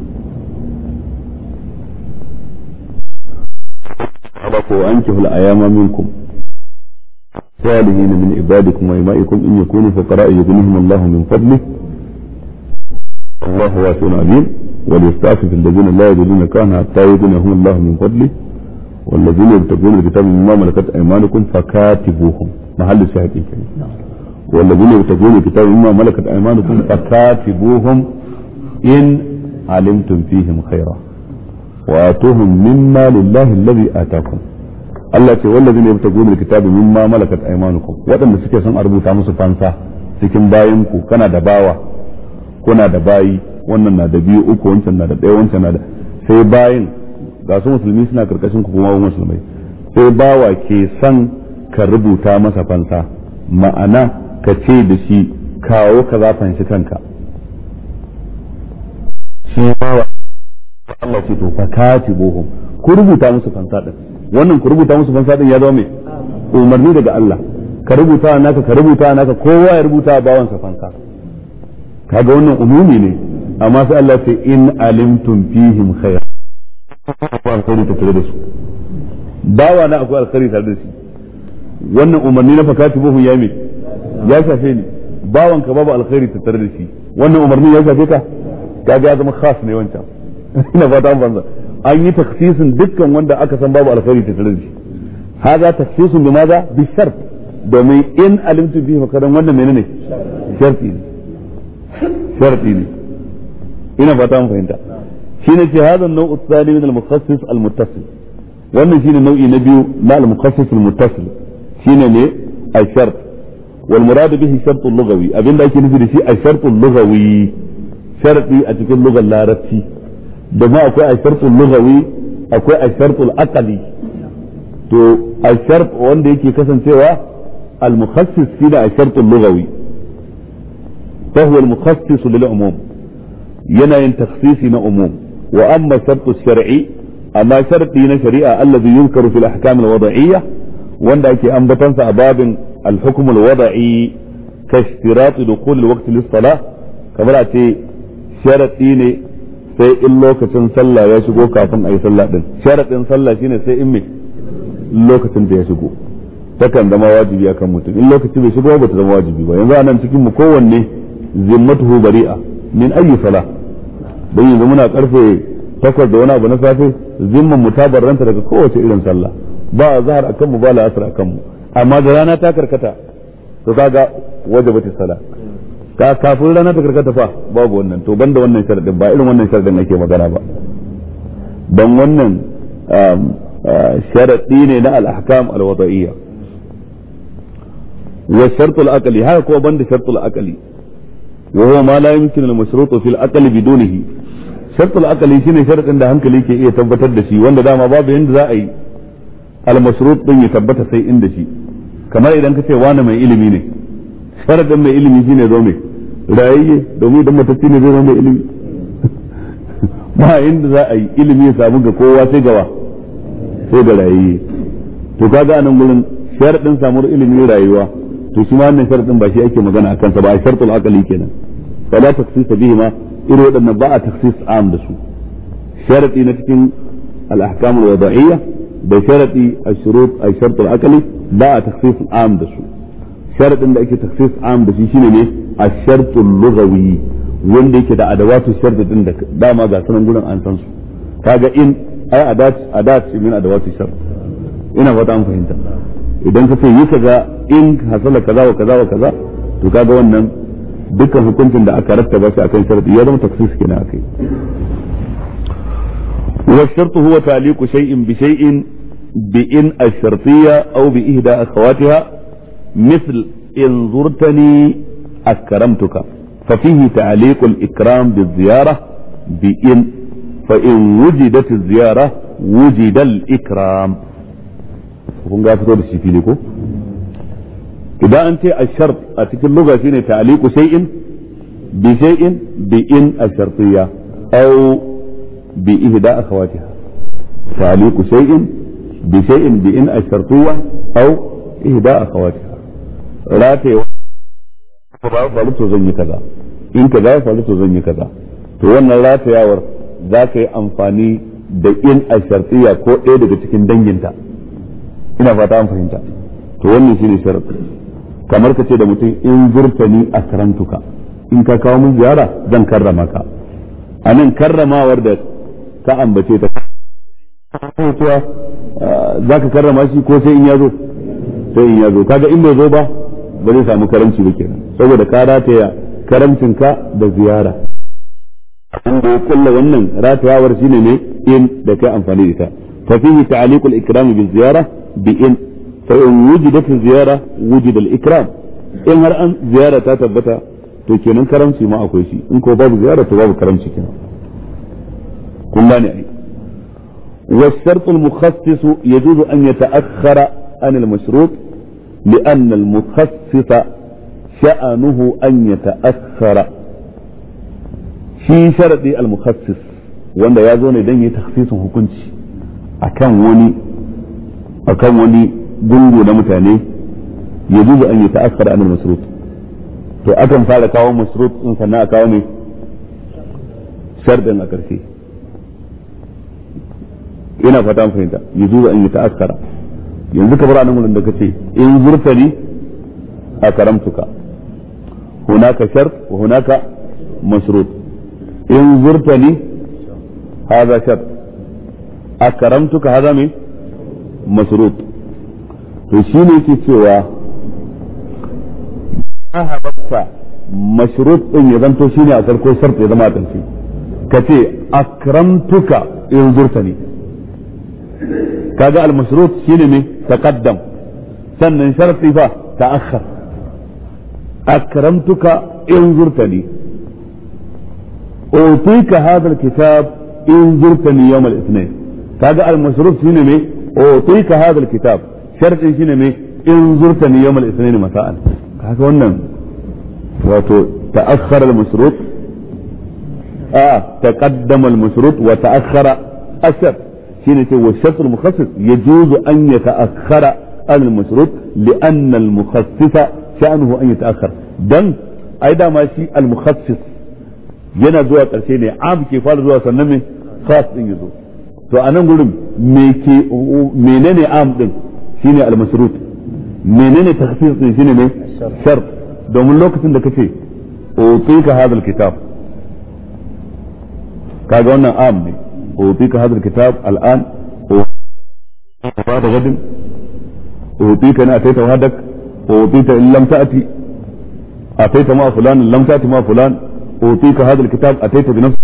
ko an kihul ayama minkum salihin min ibadikum wa imaikum in yakunu fuqara yughnihim Allah min fadlih Allah wasi'un alim وليستعفف fil ladina la كان kana يغنيهم Allah min فضله والذين يبتغون الكتاب مما ملكت ايمانكم فكاتبوهم mahallin shahidin kenan والذين يبتغون الكتاب مما ملكت ايمانكم فكاتبوهم ان علمتم فيهم خيرا واتوهم مما لله الذي اتاكم Allah ce wallazi ne ta gudun kitabi min ma malakat aymanukum waɗanda suke son a rubuta fansa cikin bayan ku kana da bawa kuna da bayi wannan na da biyu uku wancan na da ɗaya wancan na da sai bayin ga su musulmi suna karkashin ku kuma sai bawa ke son ka rubuta masa fansa ma'ana ka ce da shi kawo ka za fanshi kanka shi ma Allah ce to fa katibuhum ku rubuta musu fansa din wannan ku rubuta musu fansa din ya zama mai. umarni daga Allah ka rubuta naka ka rubuta naka kowa ya rubuta bawan sa fansa kaga wannan umumi ne amma sai Allah ce in alimtum fihim khair ba wa da su bawa na akwai alkhairi tare da shi wannan umarni na fakati buhu ya me ya shafe ni bawan ka babu alkhairi tattare da shi wannan umarni ya shafe ka kaga ya zama khas ne wancan [LAUGHS] ina fata an banza an yi takhsisin dukkan wanda aka san babu alkhairi tattare da shi haza taksisun bi maza bi shart domin in alimtu bi makaran wannan menene sharti ne sharti ne ina fata an fahimta shine ce hadan nau'u tsali min al-mukhassis al-muttasil wannan shine nau'i na biyu na al-mukhassis al-muttasil shine ne ashart wal murad bihi shartu lughawi abinda ake nufi da shi ashartu lughawi sharadi a cikin lugar larabci domin akwai ashartu lughawi akwai ashartu aqli to ashart wanda yake kasancewa al mukhassis shi da ashartu lughawi فهو المخصص للعموم ينين تخصيصنا عموم وأما الشرط الشرعي أما شرطي شريعة الذي يذكر في الأحكام الوضعية wanda ake ambatansa a babin al-hukm al-wada'i ka ishtirat dukhul al-waqt lis-salah kamar a ce sharadi ne sai in lokacin sallah ya shigo kafin a yi sallah din sharadin sallah shine sai in me lokacin da ya shigo takan zama wajibi akan mutum in lokaci bai shigo ba ta zama wajibi ba yanzu anan cikin mu kowanne zimmatuhu bari'a min ayi salah dan yanzu muna karfe takwas da wani abu na safe zimman mutabarranta daga kowace irin sallah ba zahar akan mu ba la'asar akan mu amma da rana ta karkata to kaga wajabati sala ka kafin rana ta karkata fa babu wannan to banda wannan sharadin ba irin wannan sharadin ake magana ba don wannan um, uh, sharadi ne na al-ahkam al-wada'iyya wa shartu al-aqli haka ko banda shartu al-aqli wa huwa ma la yumkinu al-mashrutu fil aqli bidunihi shartu al-aqli shine sharadin da hankali ke iya tabbatar da shi wanda dama babu yanda za a yi al-mashrut din ya tabbata sai inda shi kamar idan ka ce wani mai ilimi ne sharadin mai ilimi shine zo mai rayayye domin idan matacci ne zai zo mai ilimi [LAUGHS] ba inda za a yi ilimi ya samu ga kowa sai gawa sai ga rayayye to kaga anan gurin sharadin samuwar ilimi rayuwa to shi ma wannan sharadin ba shi ake magana akan sa ba a shartul aqli kenan la taksis bihi ma irin waɗannan ba a taksis am da su sharadi na cikin al-ahkamul wada'iyya da a ashurut a shartar akali ba a takhsis am da su sharadin da ake takhsis am da shi shine ne a al-lughawi wanda yake da adawatu shart din da dama ga sanan gurin an san su kaga in ai adat adat min adawatu shart ina fata an fahimta idan ka ce yi kaza in hasala kaza wa kaza wa kaza to kaga wannan dukkan hukuncin da aka rattaba shi akan sharadi ya zama taksis kenan akai والشرط هو تعليق شيء بشيء بإن الشرطية أو بإهداء أخواتها مثل إن زرتني أكرمتك ففيه تعليق الإكرام بالزيارة بإن فإن وجدت الزيارة وجد الإكرام في إذا أنت الشرط أتك اللغة تعليق شيء بشيء بإن الشرطية أو بإهداء أخواتها تعليق شيء bi shay'in bi in ashartuwa aw ihda akhawatiha rataye ba ya faru to zan yi kaza in kaza ya faru to zan yi kaza to wannan ratayawar za ka yi amfani da in ashartiya ko ɗaya daga cikin danginta ina fata an fahimta to wannan shine sharafi kamar ka ce da mutum in zurtani a karantuka in ka kawo min ziyara zan karrama ka a nan karramawar da ka ambace ta cewa Za ka karrama shi ko sai in ya zo sai in ya zo kaga in bai zo ba ba zai samu karamci ba kenan saboda ka rataya karamcin ka da ziyara An ya kulla wannan ratayawar shine ne in da kai amfani da ita fa fihi ta'liqul ikram bil ziyara bi in fa in wujidat ziyara wujida al ikram in har an ziyara ta tabbata to kenan karamci ma akwai shi in ko babu ziyara to babu karamci kenan kun gane ai والشرط المخصص يجوز أن يتأخر عن المشروط لأن المخصص شأنه أن يتأخر في شرط المخصص wanda ya zo ne don yi takhsisin hukunci akan wani akan wani gungu na mutane ya zuzu an yi ta'akkar anil masrut to akan fara kawo masrut in sannan a kawo ne sharɗin a ƙarshe ina fata an fahimta zan yi yata'akkara yanzu ka bar anan wurin da kace in zurtani karamtuka hunaka shar wa hunaka masrut in zurtani hadha shar karamtuka hadha mai masrut to shine yake cewa habatta mashrut din ya zanto shine a farko shart ya zama a ƙarshe kace akramtuka in zurtani kaga al-mashrut shine ne taqaddam sannan sharti fa ta'akhkhar akramtuka in zurtani utika hadha al-kitab in zurtani yawm al-ithnain kaga al-mashrut shine ne utika hadha al-kitab sharti shine ne in zurtani yawm al-ithnain masa'an kaga wannan wato ta'akhkhara al-mashrut آه تقدم المشروط وتأخر الشرط shine ce wa shartul mukhassis yajuzu an yata'akhkhara an al-mashrut li'an al-mukhassisa sha'nuhu an yata'akhkhar dan a dama shi al-mukhassis yana zuwa karshe ne am ke fara zuwa sannan me khas din yazo to a nan gurin me ke menene am din shine al-mashrut menene takhsis din shine ne shart domin lokacin da kace utika hadha kaga wannan am ne أعطيك هذا الكتاب الآن بعد غد أعطيك إن أتيت وهدك أعطيك إن لم تأتي أتيت مع فلان لم تأتي مع فلان أعطيك هذا الكتاب أتيت بنفسك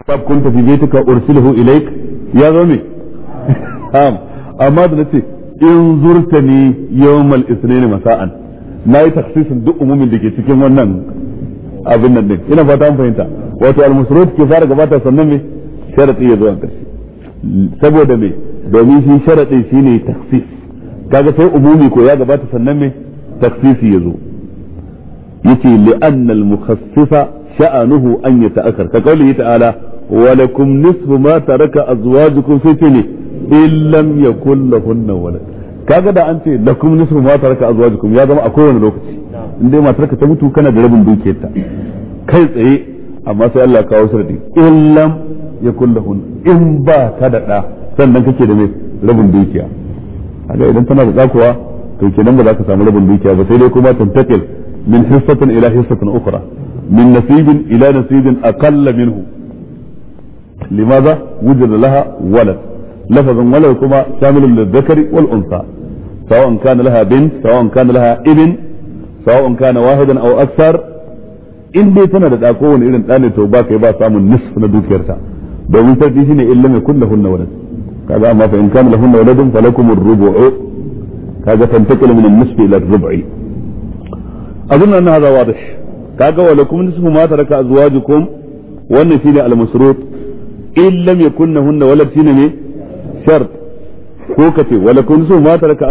الكتاب كنت في بيتك أرسله إليك يا غمي نعم أما نتي إن زرتني يوم الاثنين مساء na تخصيص دو duk umumin da ke cikin wannan abin nan din ina fata an fahimta wato al-musrut ke fara gabata sannan me sharadi ya zuwa karshe saboda me domin shi sharadin ne taksis kaga sai umumi ko ya gabata sannan me taksisi ya zo Yake li anna al mukhassifa sha'anuhu an yata'akkar ka kauli ta'ala wa lakum nisfu ma taraka azwajukum sai ce ne in lam yakul lahunna walad kaga da an ce lakum nisfu ma taraka azwajukum ya zama a kowane lokaci indai matarka ta mutu kana da rabin dukiyarta kai tsaye amma sai Allah kawo sharadi in lam yakun lahun in ba ka da da sannan kake da mai rabin dukiya haka idan tana da tsakuwa to kenan ba za ka samu rabin dukiya ba sai dai kuma tantakil min hissatin ila hissatin ukhra min nasibin ila nasibin aqalla minhu limaza wujida laha walad lafazin walad kuma shamilun lidhakari wal unsa laha bin لها بنت سواء laha لها ابن سواء كان واحدا او اكثر in dai tana da ɗa kowane irin ɗa ne to ba kai ba samun nisf na dukiyarta domin sarki shine illa mai kullu hunna walad kaga amma fa in kana lahunna waladun falakum ar-rubu' kaga tantakilu min an-nisfi ila ar-rub'i أظن أن هذا واضح كاغا ولكم نصف ما ترك أزواجكم وأن فينا المشروط إن لم يكنهن ولد فينا مي شرط كوكتي ولكم نصف ما ترك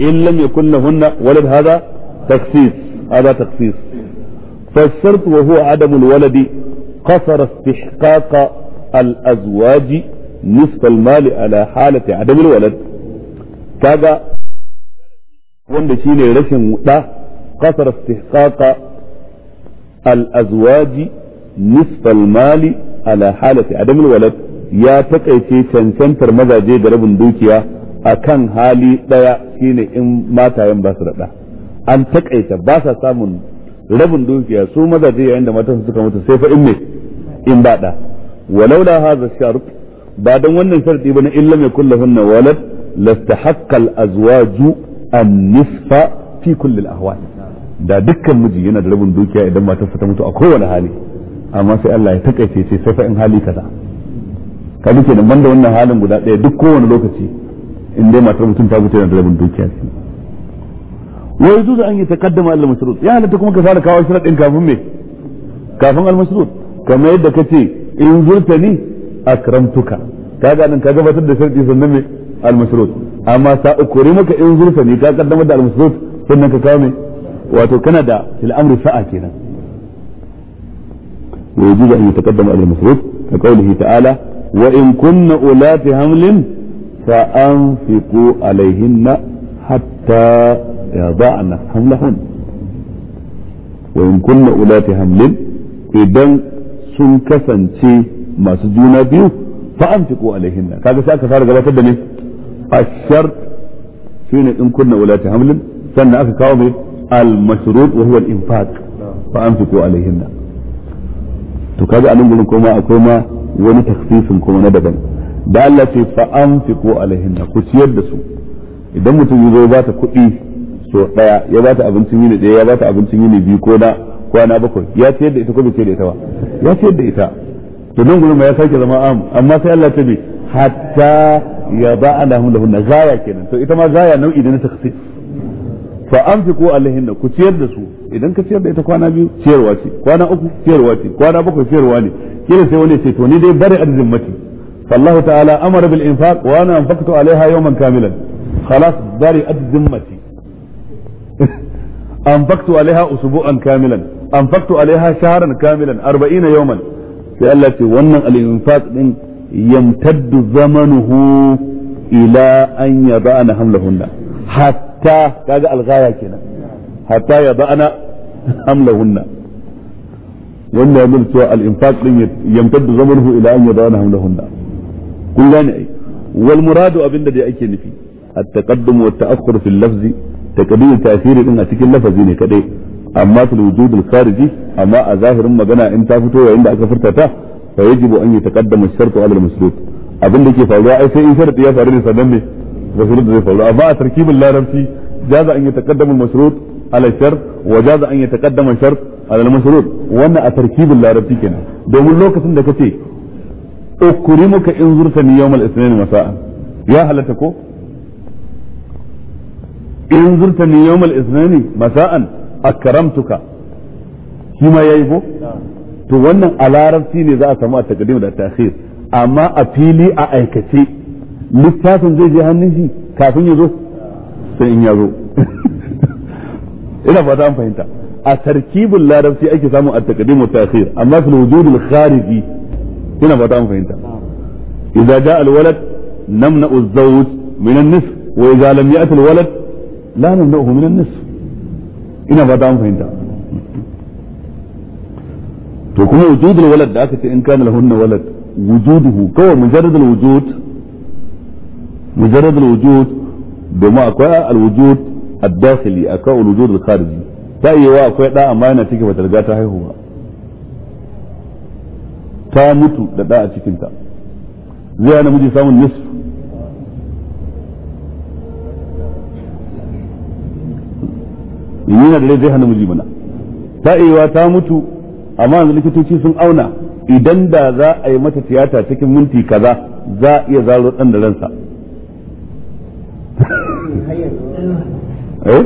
إن لم يكنهن ولد هذا تخصيص هذا تخصيص فالشرط وهو عدم الولد قصر استحقاق الأزواج نصف المال على حالة عدم الولد كذا wanda shine rashin wuɗa kasar istihqaqa al-azwaji mali ala halati adam al-walad ya takaice cancantar mazaje da rabin dukiya akan hali daya shine in matayen ba su raɗa. an takaita ba sa samun rabin dukiya su mazaje yayin da matan suka mutu sai fa in ne. in ba da walaula haza shart ba don wannan sharti ba na illa mai kullahunna walad lastahaqqa al-azwaju an-nisfa fi kulli al-ahwal da dukkan miji yana da rabin dukiya idan matarsa ta mutu a kowane hali amma sai Allah ya takaice ce sai fa in hali kaza ka duke da banda wannan halin guda ɗaya duk kowane lokaci in dai matar mutum ta mutu yana da rabin dukiya shi wa yajuzu an yataqaddama al-mashrut ya halatta kuma ka fara kawo sharadin kafin me kafin al-mashrut kamar yadda ka ce in zurtani akramtuka kaga nan ka gabatar da sharti sannan me al-mashrut amma sa ukuri maka in zurtani ka kaddamar da al-mashrut sannan ka kawo me wato kana da fil sa'a kenan wa yajibu an yataqaddama al-mashrut ka qawlihi ta'ala wa in kunna ulati hamlin fa anfiqu alaihinna hatta yada'na hamlahun wa in kunna ulati hamlin idan sun kasance masu juna biyu fa an anfiqu alaihinna kaga sai aka fara gabatar da ne ashar shine in kunna ulati hamlin sannan aka kawo mai al-mashrut wa huwa al-infaq fa anfiqu alaihinna to kaga anan gurin kuma akwai ma wani takhsisin kuma na daban da Allah ce fa an anfiqu alaihinna ku ciyar da su idan mutum ya zo ba ta kuɗi so daya ya ba ta abincin yini daya ya ba ta abincin yini biyu ko da kwana bakwai ya ciyar da ita ko bai ciyar da ita ba ya ciyar da ita to nan gurin ya sake zama am amma sai Allah ta bi hatta ya ba'a lahum lahunna gaya kenan to ita ma gaya nau'i da na takhsis fa anfiqu alaihinna ku ciyar da su idan ka ciyar da ita kwana biyu ciyarwa ce kwana uku ciyarwa ce kwana bakwai ciyarwa ne kila sai wani ce to ni dai bari arzikin mati fallahu ta'ala amara bil infaq wa ana anfaqtu alaiha yawman kamilan khalas bari arzikin mati [LAUGHS] anfaqtu alaiha usbu'an kamilan anfaqtu alaiha shahran kamilan 40 yawman sai Allah ce wannan al-infaq din yamtaddu zamanuhu ila an yada'na hamlahunna hatta kaga al-ghaya kenan hatta yada'na hamlahunna wannan ya nuna cewa al-infaq din yamtaddu zamanuhu ila an yada'na hamlahunna kun gane ai wal muradu abinda dai ake nufi at-taqaddum wa at-ta'akhkhur fil lafzi taqdim ta'khiri din a cikin lafazi ne kadai amma fil wujud al khariji amma a zahirin magana in ta fito yayin da aka furta ta fa yajibu an yataqaddama ash-shartu ala al-masdud abin da ke faruwa ai sai in sharadi ya faru ne sannan ne masrud zai faru amma a tarkibin larabci jaza an yataqaddama al-masrud ala shart wa jaza an yataqaddama shart ala al-masrud wannan a tarkibin larabci kenan domin lokacin da kace ukrimuka in zurtani yawm al-ithnain masa'an ya halatta ko in zurtani yawm al-ithnain masa'an akramtuka shi ma yayi go to wannan a larabci ne za a samu a takaddim da ta'khir amma a fili a aikace littafin zai je hannun shi kafin ya zo sai in ya zo [LAUGHS] ina fata an fahimta a tarkibin larabci ake samun a takaddim da ta'khir amma fil wujud al khariji ina fata an fahimta idza jaa al walad namna az zawj min an nisf wa idza lam ya'ti al walad la namna'uhu min an nisf ina ba ta fahimta to kuma wujudul walad da aka ce in kana lahunna walad wujuduhu kawai mujarradul wujud mujarradul wujud domin akwai alwujud ad-dakhili akwai alwujud al-khariji ta iya akwai da amma yana cike bata riga ta haihuwa ta mutu da da a cikinta zai ya namiji samun nisfu yana da rai zai hana miji mana ta ta mutu amma yanzu likitoci sun auna idan da za a yi mata tiyata cikin minti kaza za a iya zaro ɗan da ransa eh,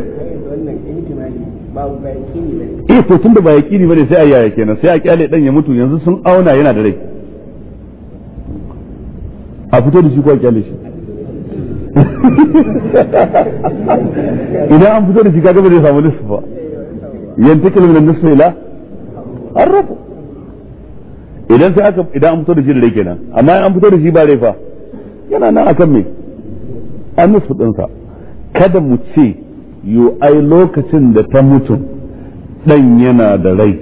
eh to tun da ba yaƙini bane sai a yaya kenan sai a kyale dan ya mutu yanzu sun auna yana da rai a fito da shi ko a kyale shi [LAUGHS] idan an fito da shi gaba zai samu nisfu ba yantakil min nisfu ila arrafu idan sai aka idan an fito da shi da kenan amma an fito da shi ba rai fa yana nan akan me an din sa. kada mu ce yo ai lokacin da ta mutu dan yana da rai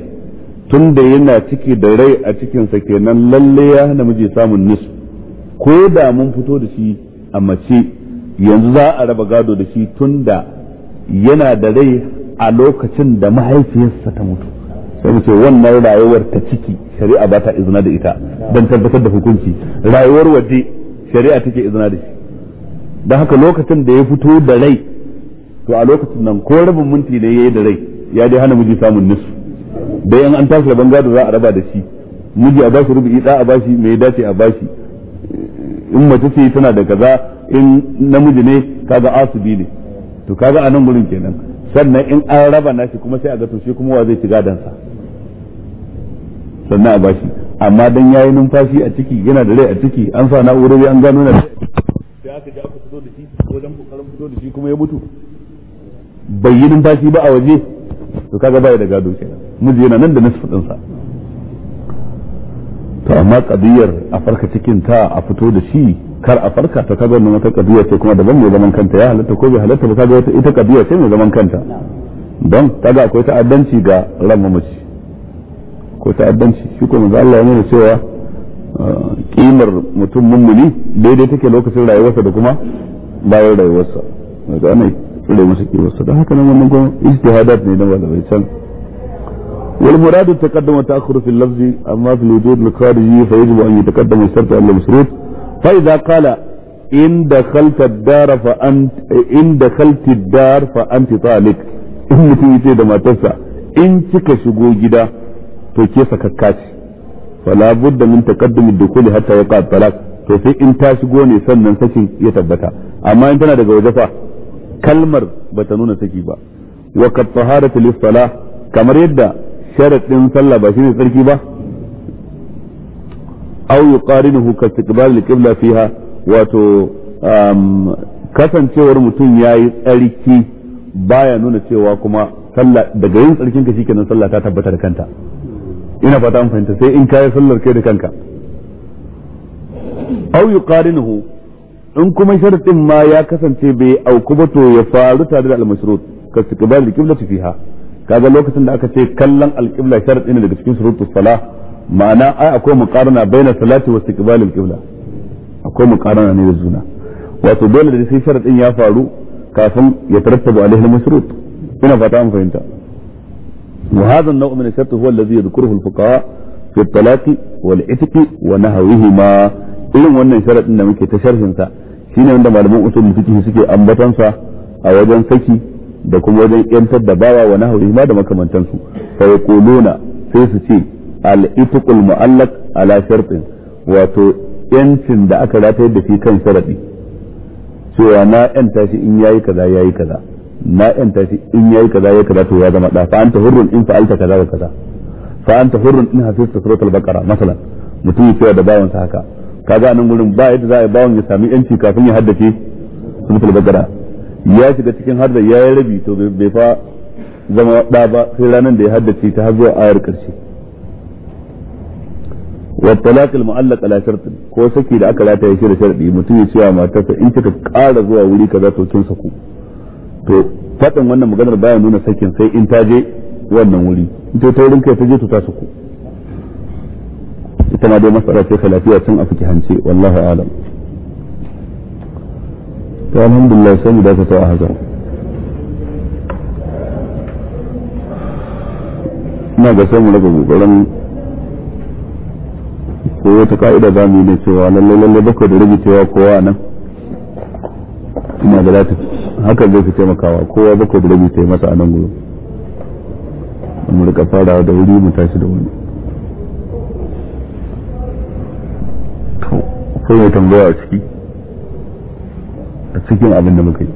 tun da yana ciki da rai a cikinsa kenan lalle ya hana miji samun nisfu ko da mun fito da shi a mace yanzu za a raba gado da shi tun da yana da rai a lokacin da mahaifiyarsa ta mutu sai mu ce wannan rayuwar ta ciki shari'a ba ta izina da ita don tabbatar da hukunci rayuwar waje shari'a take izina da shi don haka lokacin da ya fito da rai to a lokacin nan ko rabin minti ne yayi da rai ya dai hana miji samun nisu dai in an tashi raban gado za a raba da shi miji a bashi rubu'i da a bashi mai dace a bashi in mace ce tana da kaza in namiji ne kaga asibi ne to kaga anan gurin kenan sannan in an raba nashi kuma sai a ga to shi kuma wa zai ci gadansa sannan a bashi amma dan yayi numfashi a ciki yana da rai a ciki an sa na'urori an gano na sai aka ji aka fito da shi wajen kokarin fito da shi kuma ya mutu bai yi numfashi ba a waje to kaga bai da gado kenan miji yana nan da nisfin sa to amma kadiyar a farka cikin ta a fito da shi kar a farka ta kaga wannan wata kadiya ce kuma daban mai zaman kanta ya halatta ko bai halatta ba kaga wata ita kadiya ce mai zaman kanta don kaga akwai ta'addanci ga ran mamaci ko ta'addanci shi ko manzo Allah ya nuna cewa uh, kimar mutum mummuni daidai take lokacin rayuwarsa da kuma bayan rayuwarsa ga ne tsire masa kimarsa don haka nan wannan gwamnati ijtihadat ne na malamai can والمراد التقدم والتأخر في اللفظ أما في الوجود الخارجي فيجب أن يتقدم الشرط على المشروط فإذا قال إن دخلت الدار فأنت إن دخلت الدار فأنت طالق إن متي da matarsa in cika shigo gida to ke sakakka ce fala budda min taqaddum ad-dukhul hatta yaqa talaq to sai in ta shigo ne sannan sakin ya tabbata amma in tana daga waje fa kalmar bata nuna saki ba wa qad taharatu lis-salah kamar yadda ɗin sallah ba shi ne tsarki ba aw yuqarinuhu ka istiqbal al-qibla fiha wato kasancewar mutum ya yi tsarki baya nuna cewa kuma sallah daga yin tsarkin ka shikenan sallah ta tabbata da kanta ina fata an fahimta sai in kayi sallar kai da kanka aw yuqarinuhu in kuma sharadin ma ya kasance bai auku ba to ya faru tare da al-mashrut ka istiqbal al-qibla fiha kaga lokacin da aka ce kallon alƙibla sharadi ne daga cikin shurutus sala ma'ana ai akwai muqarana baina salati wa istiqbal alqibla akwai muqarana ne da juna wato dole da sai sharadin ya faru kafin ya tarattabu alaihi al-mashrut ina fata an fahimta وهذا النوع من الشرط هو الذي يذكره الفقهاء في الطلاق والعتق ونهوهما irin wannan sharaɗin da muke ta sharhin sa shine wanda malaman usul fiqh suke ambatan sa a wajen saki da kuma wajen yantar da bawa wa nahwihi ma da makamantansu fa yaquluna sai su ce al itqul mu'allaq ala shartin wato yancin da aka ratayar da shi kan sharadi cewa na yanta shi in yayi kaza yayi kaza na yanta shi in yayi kaza yayi kaza to ya zama da fa anta hurrun in fa'alta kaza da kaza fa anta hurrun in hafizta suratul baqara masalan mutum ya cewa da bawansa haka kaga nan gurin ba yadda za a yi bawan ya sami yanci kafin ya haddace suratul baqara ya shiga cikin hadda ya yi rabi to bai fa zama ɗa ba sai ranar da ya haddace ta har zuwa ayar karshe wa talaq al mu'allaq ala shartin ko saki da aka rataye shi da sharadi mutum ya ce wa matarsa in kika ƙara zuwa wuri kaza to kin saku to fadin wannan maganar baya nuna sakin sai in ta je wannan wuri ita ta wurin kai ta je to ta saku ita ma dai masara ce lafiya tun a fiki hance wallahu a'lam to alhamdulillah sai mu dakata a haka ina ga sai mu rika kokarin ko wata ka'ida za mu yi ne cewa lalle lalle bakwai da rabi cewa kowa nan ina da lati haka zai fi taimakawa kowa bakwai da rabi ta yi masa a nan gudu mu rika fara da wuri mu tashi da wani akwai mai tambaya a ciki a cikin abin da muka yi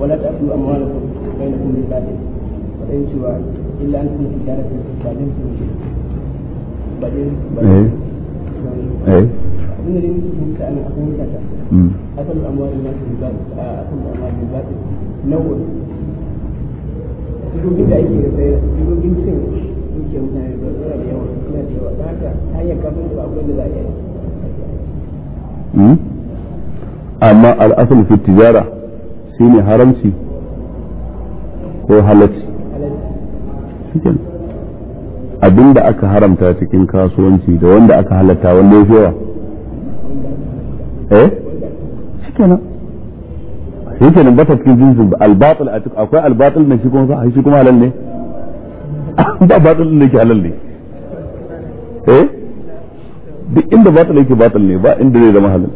ولا تأكلوا أموالكم بينكم بالباطل وإن سوى إلا أن تكون تجارة تعلمتم بعدين بعدين abin da mm. nake mm. amma fi tijara shine haramci ko halacci abinda aka haramta cikin kasuwanci da wanda aka halatta wanda ya eh shikenan shikenan bata cikin jinsin albatul a cikin akwai albatul ne shi kuma shi kuma halal ne [LAUGHS] ba batul ne ke halal ne eh duk inda batul yake batul ne ba inda zai zama halal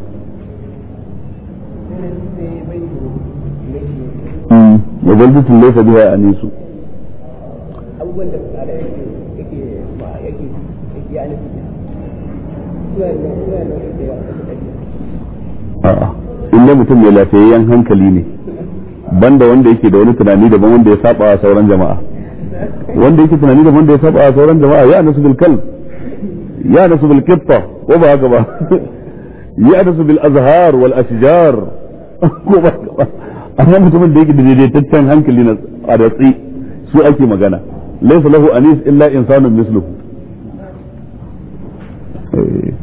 biya a nisu da tsada yake yake a'a inda mutum mai lafiyayyen hankali ne banda wanda yake da wani tunani daban wanda ya saba wa sauran jama'a wanda yake tunani daban da ya saba wa sauran jama'a ya nasu bil kalb ya nasu bil qitta ko ba haka ba [LAUGHS] ya nasu bil azhar wal ashjar [LAUGHS] ko ba haka ba amma mutumin da yake da daidaitaccen hankali na adatsi su ake magana laysa lahu anis illa insanun misluhu eh.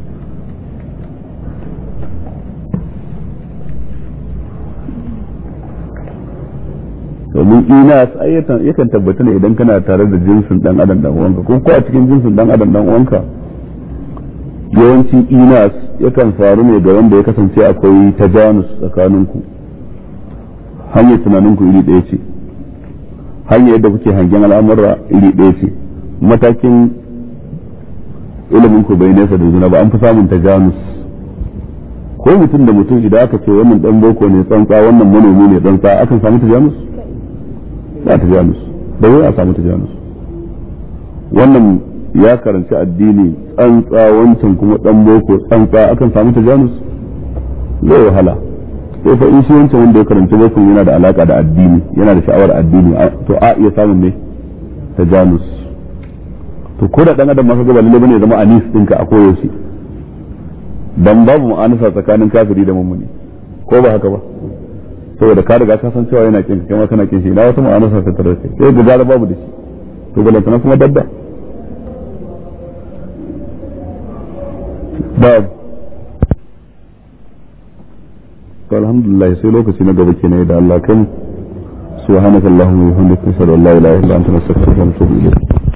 domin ina ya yakan tabbata ne idan kana tare da jinsin dan adam dan uwanka ko ko a cikin jinsin dan adam dan uwanka yawanci inas yakan faru ne ga wanda ya kasance akwai tajanus tsakaninku hanyar tunaninku iri daya ce hanyar yadda kuke hangen al'amura iri daya ce matakin ilimin ku bai nesa da juna ba an fi samun tajanus ko mutum da mutum idan aka ce wannan dan boko ne tsantsa wannan manomi ne tsantsa akan samu tajanus ba janus ba wai a samu ta janus wannan ya karanci addini tsantsa wancan kuma dan boko tsantsa akan samu ta janus. zai wahala to fa in shi wancan wanda ya karanci boko yana da alaka da addini yana da sha'awar addini to a iya samun ne ta janus. to ko da dan adam ma kaga ba lalle bane zama anis dinka a koyaushe dan babu mu'anasa tsakanin kafiri da mummuni ko ba haka ba saboda ka riga ka san cewa yana kin kai ma kana kin shi na wata ma'ana sa tattare da sai ga gara babu da shi to kana kuma dadda babu to alhamdulillah sai lokaci na gaba kenan da Allah kan subhanakallahumma wa bihamdika ashhadu an la ilaha illa anta astaghfiruka wa atubu ilayk